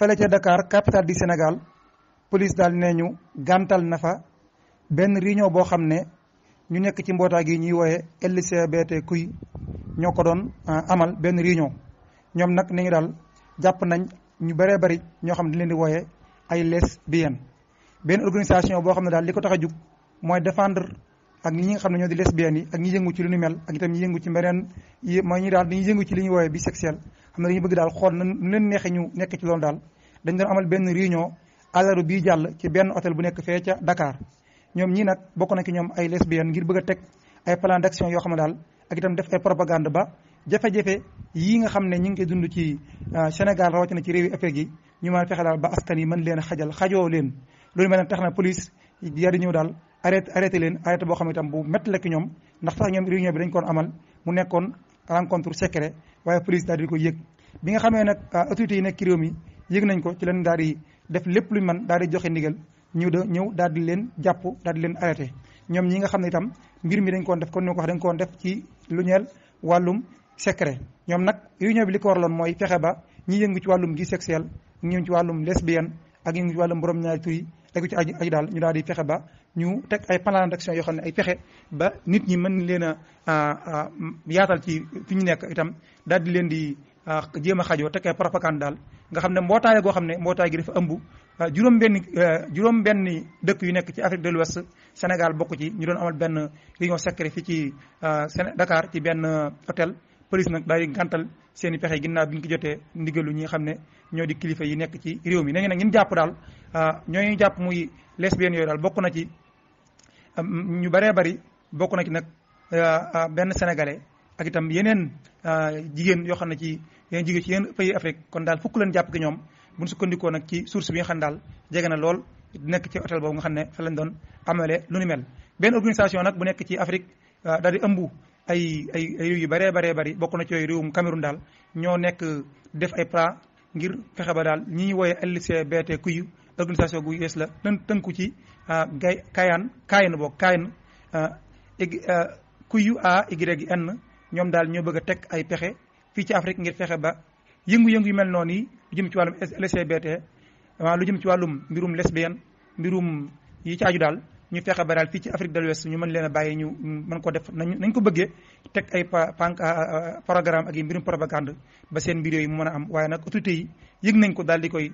fële ca Dakar capitale di Sénégal police daal nee ñu gàntal na fa benn réunion boo xam ne ñu nekk ci mbootaay gi ñuy wooye LCBT kuy ñoo ko doon euh, amal benn réunion ñoom nag ni ñu daal jàpp nañ ñu bëree bëri ñoo xam ne leen di wooye ay lesbiennes benn organisation boo xam ne daal li ko tax a jug mooy défendre ak ñi nga xam ne ñoo di lesbiennes yi ak ñi yëngu ci lu ñu mel ak itam ñi yëngu ci beneen yi mooy ñi daal ñu yëngu ci li ñu wooye bisexuel xam ne ñu bëgg daal xool nan leen neexee ñu nekk ci loolu daal dañ doon amal benn réunion àllarba bii jàll ci benn hôtel bu nekk fee ca dakaar ñoom ñii nag bokk na ki ñoom ay lesbiennes ngir bëgg a teg ay plan d'action yoo xam ne daal ak itam def ay propagande ba jafe-jafe yii nga xam ne ñu ngi koy dund ci euh, Sénégal rawatina ci réewi Afrique yi ñu mën fexe daal ba askan yi mën leen xajal xajoo leen loolu mel ne tax na police yaa di ñëw daal arrêté arrêté leen arrêté boo xam ne itam bu métti la ki ñoom ndax sax ñoom réunion bi dañ koon amal mu nekkoon rencontre secret waaye police daal di ko yëg bi nga xamee nag ah, autorités yi nekk ci réew mi yëg nañ ko ci leen daal di def lépp luñ man daal di joxe ndigal ñu da ñëw daal di leen jàpp daal leen arete ñoom ñi nga xam ne itam mbir mi dañ koon def kon ni ko wax dañ koon def ci lu ñeel wàllum secret ñoom nag réunion bi li ko waraloon mooy fexe ba ñi yëngu ci wàllum gi sexuel ñi yëngu ci wàllum lesbienne ak ñi yëngu ci wàllum borom ñaari tur ci aju aju ñu daal di fexe ba ñu teg ay plan d'action yoo xam ne ay pexe ba nit ñi mën leen a yaatal ci fi ñu nekk itam daal di leen di jéem a xajoo teg ay propagande daal nga xam ne mbootaay goo xam ne mbootaay gi dafa ëmb juróom benn juróom benn dëkk yu nekk ci Afrique de l'Ouest Sénégal bokk ci ñu doon amal benn réunion secret fii ci Dakar ci benn hôtel police nag daal di gàntal seen i pexe ginnaaw bi ñu ko jotee ndigalu ñi xam ne ñoo di kilifa yi nekk ci réew mi. nañu nag ñun jàpp daal ah, ñooñu jàpp muy lesbiennes yooyu daal bokk na ci ñu bëree bari bokk na ci nag ah, ah, benn sénégalais ak itam yeneen jigéen yoo xam ne ci yeneen jigéen ci yeneen pays Afrique kon daal fukk leen jàpp ki ñoom bu ñu sukkandikoo nag ci source bi nga xam ne daal jege na lool. nekk ci hôtel boobu nga xam ne fa lañ doon amale lu ni mel benn organisation nag bu nekk ci Afrique daal di ëmb ay ay réew yu bëree baree bari bokk na ci yooyu réewum Cameroun daal ñoo nekk def ay plan ngir fexe ba daal ñi ñuy wooye LGBTQ organisation gu yees la tënku ci ah, gay kayan kayan boog kayan QUAYN ah, ah, ñoom daal ñoo bëgg a teg ay pexe fii ci Afrique ngir fexe ba yëngu-yëngu yu mel noonu yi lu jëm ci wàllum LGBT waaw lu jëm ci wàllum mbirum lesbienne mbirum yi ci aju daal ñu fexe ba daal fii ci Afrique de l'Ouest ñu mën leen a bàyyi ñu mën ko def nañ nañ ko bëggee teg ay pan programme ak yi mbirum propagande ba seen mbir yooyu mu mën a am waaye nag autorités yi yëg nañ ko daal di koy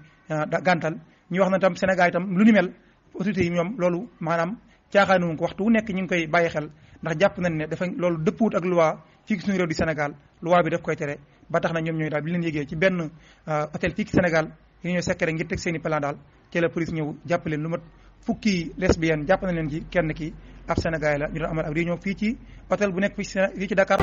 gàntal ñu wax na tam Sénégal itam lu ni mel autorités yi ñoom loolu maanaam caaxaanuñ ko waxtu wu nekk ñu ngi koy bàyyi xel ndax jàpp nañ ne dafa loolu dëppuwut ak loi fii suñu réew di Sénégal loi bi def koy tere ba tax na ñoom ñooy daal bi leen yëgee ci benn hôtel fii ci Sénégal yi ñooy sekkere ngir teg seen i daal ci la ñëw jàpp leen fukki lesbienne jàpp na leen ci kenn ki ab Sénégalais la ñu doon amal ak réunion fii ci hôtel bu nekk fii ci Dakar.